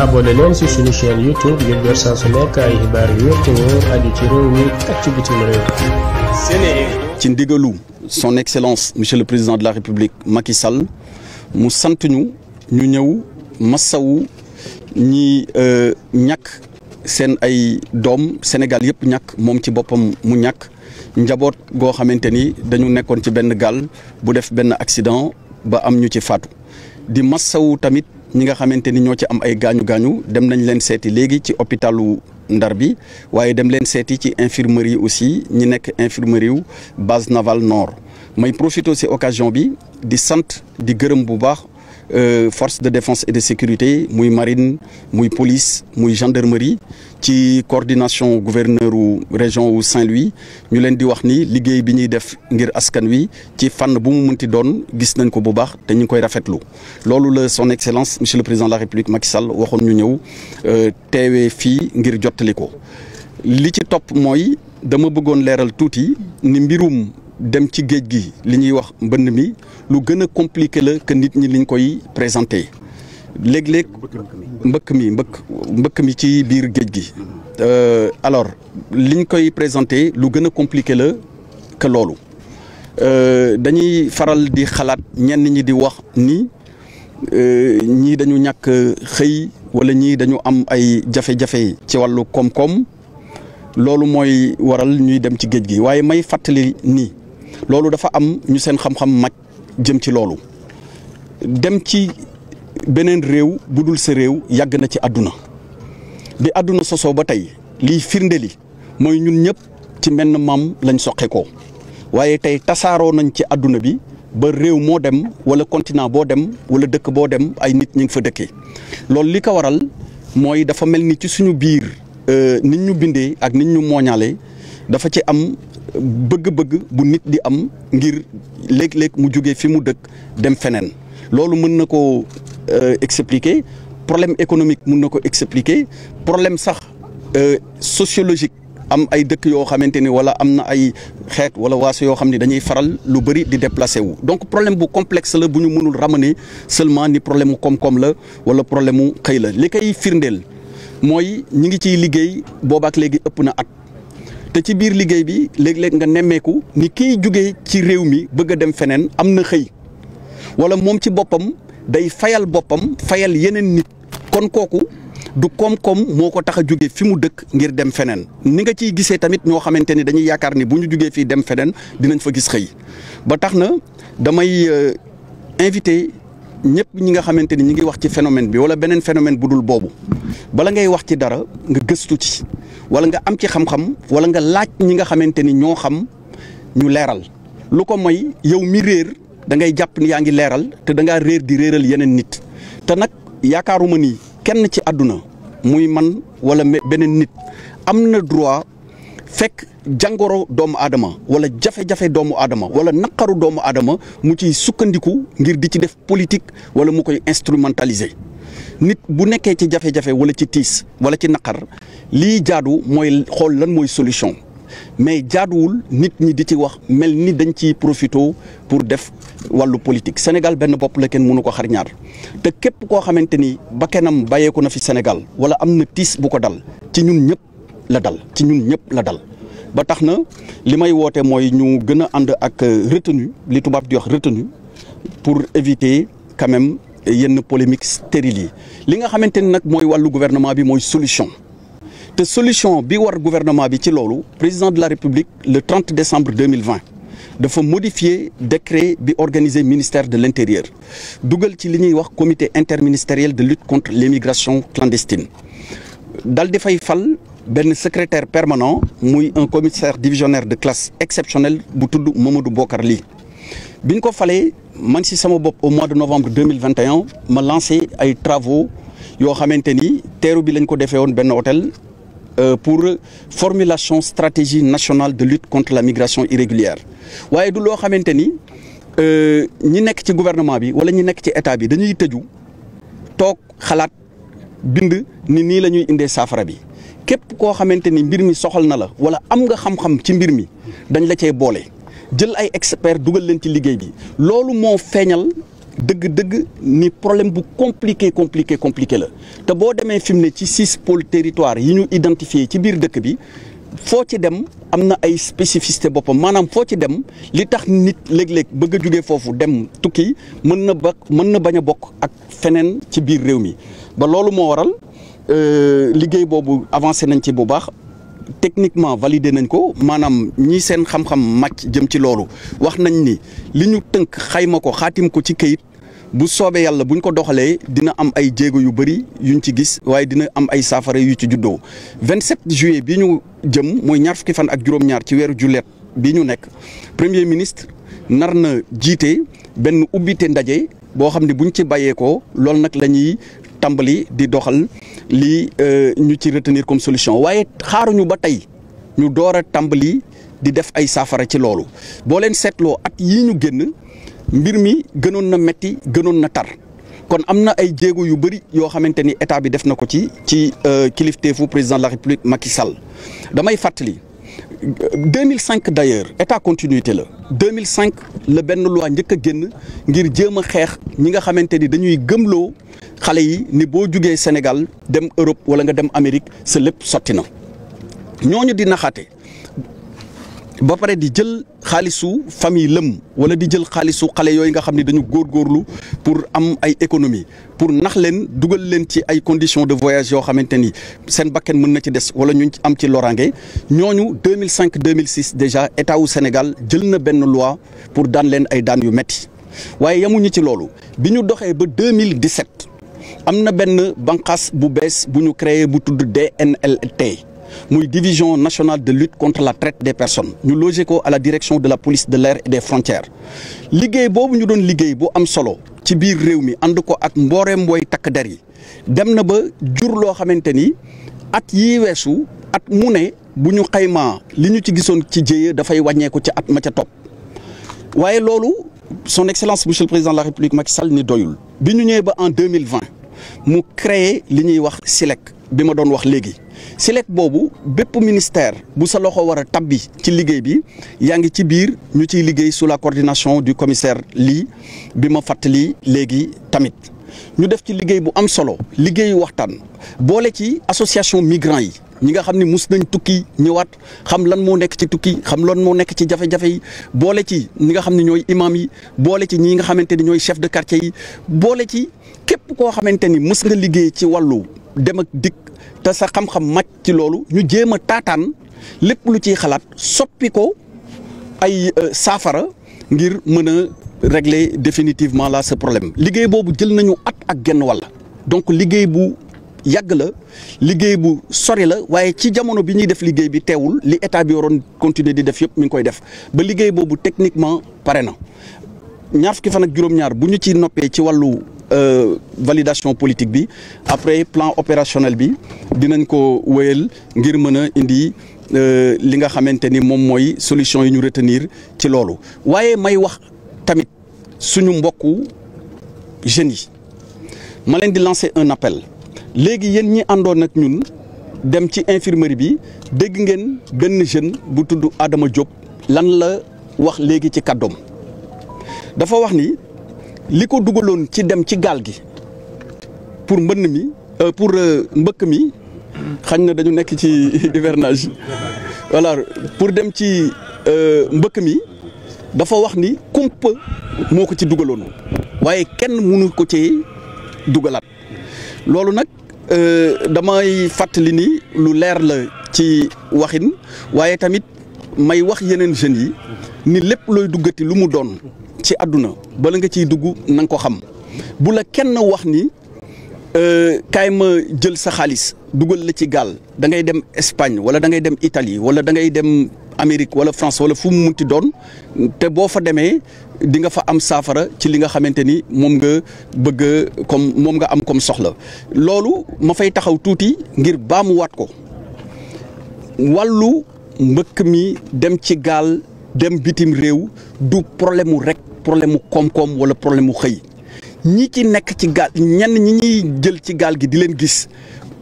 abonné leen ci suñu chaîne YouTube ngir jot yu wér te ci réew mi ak ci bitim ndigalu son excellence monsieur le président de la république Macky Sall mu sant ñu ñu ñëw massawu ñi euh, ñakk seen ay doom Sénégal yëpp ñàkk moom ci boppam mu ñàkk njaboot goo xamante ni dañu nekkoon ci benn gaal bu def benn accident ba am ñu ci faatu di massawu tamit. ñi nga xamante ni ñoo ci am ay gaañu gaañu dem nañ leen seeti léegi ci hôpitalu Ndar bi waaye dem leen seeti ci infirmerie aussi ñi nekk infirmerie wu base navale nord. may profité si occasion bi di sant di gërëm bu baax Euh, force de défense et de sécurité muy marine muy police muy gendarmerie ci coordination gouverneur u région wu Saint-Louis ñu leen di wax ni liggéey bi ñuy def ngir askan wi ci fànn bu mu mënti doon gis nañ ko bu baax te ñu ngi koy rafetlu loolu la son excellence monsieur le président de la république Macky Sall waxoon ñu ñëw euh, teewee fii ngir jottali ko li ci topp mooy dama bëggoon leeral tuuti ni mbirum. dem ci géej gi li ñuy wax mbënn mi lu gën a compliqué la que nit ñi liñ koy présenté léeg-léeg mbëkk mi mbëkk mbëkk mi ci biir géej gi euh, alors liñ koy présenté lu gën a compliqué la que loolu euh, dañuy faral di xalaat ñenn ñi di wax ni euh, ñii dañu ñàkk xëy wala ñii dañu am ay jafe-jafe ci wàllu koom-koom loolu mooy waral ñuy dem ci géej gi waaye may fàttali nii loolu dafa am ñu seen xam-xam màcc jëm ci loolu dem ci beneen réew bu dul sa réew yàgg na ci àdduna bi àdduna sosoo ba tey liy firnde li mooy ñun ñëpp ci menn maam lañ soqeekoo waaye tey tasaaroo nañ ci àdduna bi ba réew moo dem wala continent boo dem wala dëkk boo dem ay nit ñu ngi fa dëkkee loolu li ko waral mooy dafa mel ni ci suñu biir euh, nit ñu bindee ak nit ñu mooñaale dafa ci am bëgg-bëgg bu nit di am ngir léegi léeg mu jóge fi mu dëkk dem feneen loolu mën na ko euh, expliquer problème économique mun na ko expliquer problème sax euh, sociologique am ay dëkk yoo xamante ni wala am na ay xeet wala waaso yoo xam ne dañuy faral lu bëri di déplacé wu donc problème bu complexe la bu ñu mënul ramener seulement ni problème mu koom la wala problème mu xëy la li koy firndeel mooy ñi ngi ciy liggéey boobaak léegi ëpp na ak te ci biir liggéey bi léeg-léeg nga nemmeeku ni kiy jóge ci réew mi bëgg a dem feneen am na xëy wala moom ci boppam day fayal boppam fayal yeneen nit kon kooku du koom-koom moo ko tax a jugee fi mu dëkk ngir dem feneen ni nga ciy gisee tamit ñoo xamante ni dañuy yaakaar ni bu ñu jugee fii dem feneen dinañ fa gis xëy ba tax na damay euh, invité ñëpp ñi nga xamante ni ñi ngi wax ci phénomène bi wala beneen phénomène bu dul boobu bala ngay wax ci dara nga gëstu ci wala nga am ci xam-xam wala nga laaj ñi nga xamante ni ñoo xam ñu leeral lu ko moy yow mi réer da ngay jàpp ni yaa ngi leeral te da ngaa réer di réeral yeneen nit te nag yaakaaruma ni kenn ci àdduna muy man wala beneen nit am na droit fekk jàngoro doomu aadama wala jafe-jafe doomu aadama wala naqaru doomu aadama mu ciy sukkandiku ngir di ci def politique wala mu koy instrumentaliser nit bu nekkee ci jafe-jafe wala ci tiis wala ci naqar lii jaadu mooy xool lan mooy solution mais jaaduwul nit ñi di ci wax mel ni dañ ciy profito pour def wàllu politique Sénégal benn bopp la kenn mënu ko xarñaar te képp koo xamante ni bakkanam bàyyeeku na fi Sénégal wala am na tiis bu ko dal ci ñun ñëpp. la dal ci ñun ñëpp la dal ba tax na li may woote mooy ñu gën a ànd ak retenue li tubaab di wax retenue pour éviter quand même yenn polémique stérile yi li nga xamante ni nag mooy wàllu gouvernement bi mooy solution te solution bi war gouvernement bi ci loolu président de la république le 30 décembre 2020 dafa modifier décret bi organisé ministère de l' intérieur dugal ci li ñuy wax comité interministériel de lutte contre l' immigration clandestine dal di fal benn secrétaire permanent muy un commissaire divisionnaire de classe exceptionnelle bu tudd Mamadou Bokar Ly bi ñu ko falee man si sama bopp au mois de novembre deux mille vingt et un ma lancé ay travaux yoo xamante ni teeru bi lañ ko defee woon benn hôtel euh, pour formulation stratégie nationale de lutte contre la migration irrégulière waaye du loo xamante ni euh, ñi nekk ci gouvernement bi wala ñi nekk ci état bi dañuy tëju toog xalaat. bind ni nii la ñuy indee saafara bi képp koo xamante ni mbir mi soxal na la wala am nga xam-xam ci mbir mi dañ la cee boole jël ay experts dugal leen ci liggéey bi loolu moo feeñal dëgg-dëgg ni problème bu compliqué compliqué compliqué la te boo demee fi mu ne ci six pôles territoire yi ñu identifié ci biir dëkk bi foo ci dem am na ay spécificité boppam maanaam foo ci dem li tax nit léeg-léeg bëgg a jóge foofu dem tukki mën na ba mën na bañ a bokk ak feneen ci biir réew mi ba loolu moo waral euh, liggéey boobu avancé nañ ci bu baax techniquement valider nañ ko maanaam ñi seen xam-xam màcc jëm ci loolu wax nañ ni li ñu tënk xayma ko xaatim ko ci kayit bu soobee yàlla buñ ko doxalee dina am ay jéego yu bëri yuñ ci gis waaye dina am ay saafara yu ci juddoo 27 juillet bi ñu jëm mooy ñaar fukki fan ak juróom-ñaar ci weeru julet bi ñu nekk premier ministre nar na jiite benn ubbite ndaje boo xam ne buñ ci bàyyeekoo loolu nag la ñuy tàmbali di doxal lii euh, ñu ci retenir comme solution waaye xaaruñu ba tey ñu door a tàmbali di def ay saafara ci loolu boo leen seetloo at yii ñu génn mbir mi gënoon na metti gënoon na tar kon am na ay jéego yu bëri yoo xamante ni état bi def na ko ci ci euh, kilifteefu président de la république Macky Sall damay fàttali 2005 d'ailleurs état continuité la 2005 la benn loi njëkk a génn ngir jéem a xeex ñi nga xamante ni dañuy gëmloo. xale yi ni boo jugee Sénégal dem Europe wala nga dem Amérique sa lépp sotti na ñooñu di naxaate ba pare di jël xaalisu famille lëm wala di jël xaalisu xale yooyu nga xam ne dañu góor góorlu pour am ay économie pour nax leen dugal leen ci ay conditions de voyage yoo xamante ni seen bakken mën na ci des wala ñu am ci loraange ñooñu 2005 2006 déjà état wu Sénégal jël na benn loi pour daan leen ay daan yu metti waaye yamuñu ci loolu bi ñu doxee ba 2017. am na benn banqaas bu bees bu ñu créé bu tudd DNLT muy division nationale de lutte contre la traite des personnes ñu logé ko a la direction de la police de l'air et des frontières liggéey boobu ñu doon liggéey bu am solo ci biir réew mi ànd ko ak mboore mbooy takk der yi dem na ba jur loo xamante ni at yi weesu at mu ne bu ñu xaymaa li ñu ci gisoon ci jéye dafay wàññeeku ci at ma ca topp waaye loolu son excellence monsieur le président de la république Macky Sall ni doyul bi ñu en deux mille vingt mu créer li ñuy wax SILEC bi ma doon wax léegi SILEC boobu bépp ministère bu sa loxo war a tabbi ci liggéey bi yaa ngi ci biir ñu ciy liggéey sous la coordination du commissaire lii bi ma fàttali léegi tamit ñu def ci liggéey bu am solo liggéeyu waxtaan boole ci association migrants yi ñi nga xam ni mus nañ tukki ñëwaat xam lan moo nekk ci tukki xam lan moo nekk ci jafe-jafe yi boole ci ñi nga xam ne ñooy imam yi boole ci ñi nga xamante ni ñooy chef de quartier yi boole ci képp koo xamante ni mus nga liggéey ci wàllu dem ak dikk te sa xam-xam màcc ci loolu ñu jéem a taataan lépp lu ciy xalaat soppi ko ay euh, saafara ngir mën a régler définitivement là ce problème liggéey boobu jël nañu at ak genn wàll donc liggéey bu yàgg la liggéey bu sori la waaye ci jamono bi ñuy def liggéey bi teewul li état bi waroon continuer di def yëpp mi ngi koy def ba liggéey boobu techniquement pare na ñaar fukki fan ak juróom-ñaar bu ñu ci noppee ci wàllu euh, validation politique bi après plan opérationnel bi dinañ ko wéyal ngir mën a indi euh, li nga xamante ni moom mooy solution yi ñu retenir ci loolu waaye may wax tamit suñu mbokku jeunes yi ma leen di lancer un appel. léegi yéen ñi àndoon ak ñun dem ci infirmerie bi dégg ngeen benn jeune bu tudd aadama Diop lan la wax léegi ci kàddoom dafa wax ni li ko dugaloon ci dem ci gaal gi pour mbënn mi euh, pour euh, mbëkk mi xañ na dañu nekk ci hivernage voilà pour dem ci euh, mbëkk mi dafa wax ni kumpa moo ko ci dugaloon waaye kenn mënu ko ci dugalaat loolu nag Euh, damay fàttali ni lu leer la ci waxin waaye tamit may wax yeneen jeunes yi ni lépp looy duggati lu mu doon ci àdduna bala nga ciy dugg na nga ko xam bu la kenn wax ni euh, kaay ma jël sa xaalis dugal la ci gaal da ngay dem Espagne wala da ngay dem Italie wala da ngay dem. Amérique wala France wala fu mu munti doon te boo fa demee di nga fa am saafara ci li nga xamante ni moom nga bëgg comme moom nga am comme soxla loolu ma fay taxaw tuuti ngir baamuwaat ko wàllu mbëkk mi dem ci gaal dem bitim réew du problème mu rek problème mu koom-koom wala problème mu xëy ñi ci nekk ci gaal ñenn ñi ñuy jël ci gaal gi di leen gis.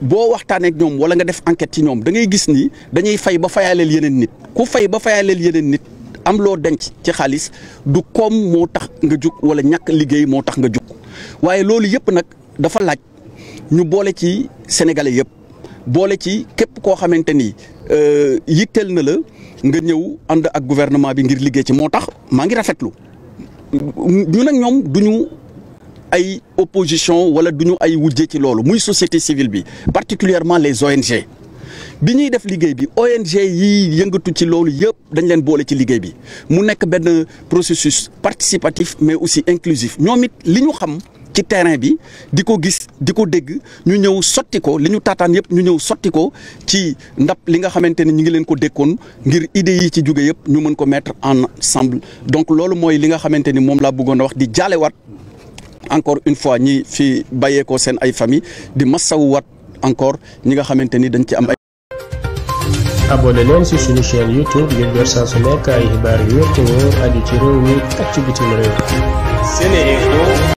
boo waxtaanee ak ñoom wala nga def enquête ci ñoom dangay ngay gis ni dañuy fay ba fayaaleel yeneen nit ku fay ba fayaaleel yeneen nit am loo denc ci xaalis du koom moo tax nga jug wala ñàkk liggéey moo tax nga jug waaye loolu yëpp nag dafa laaj ñu boole ci sénégalais yëpp boole ci képp koo xamante ni euh, yitteel na la nga ñëw ànd ak gouvernement bi ngir liggéey ci moo tax maa ngi rafetlu ñu nag ñoom duñu ay opposition wala du ñu ay wujje ci loolu muy société civile bi particulièrement les ONG bi ñuy def liggéey bi ONG yi yëngatu ci loolu yëpp dañ leen boole ci liggéey bi mu nekk benn processus participatif mais aussi inclusif ñoom it li ñu xam ci terrain bi di ko gis di ko dégg ñu ñëw sotti ko li ñu taataan yëpp ñu ñëw sotti ko ci ndap li nga xamante ne ñu ngi leen ko dékkoon ngir idées yi ci jóge yëpp ñu mën ko en ensemble donc loolu mooy li nga xamante ni moom laa bëggoon a wax di jaalewaat encore une fois ñi fi bàyyeekoo seen ay famille di masawuwaat encore ñi nga xamante ni dañ ci am ay. abonné leen ci suñu chaîne YouTube ngir jot saa su nekk yu wér te ci réew mi ak ci bitim réew.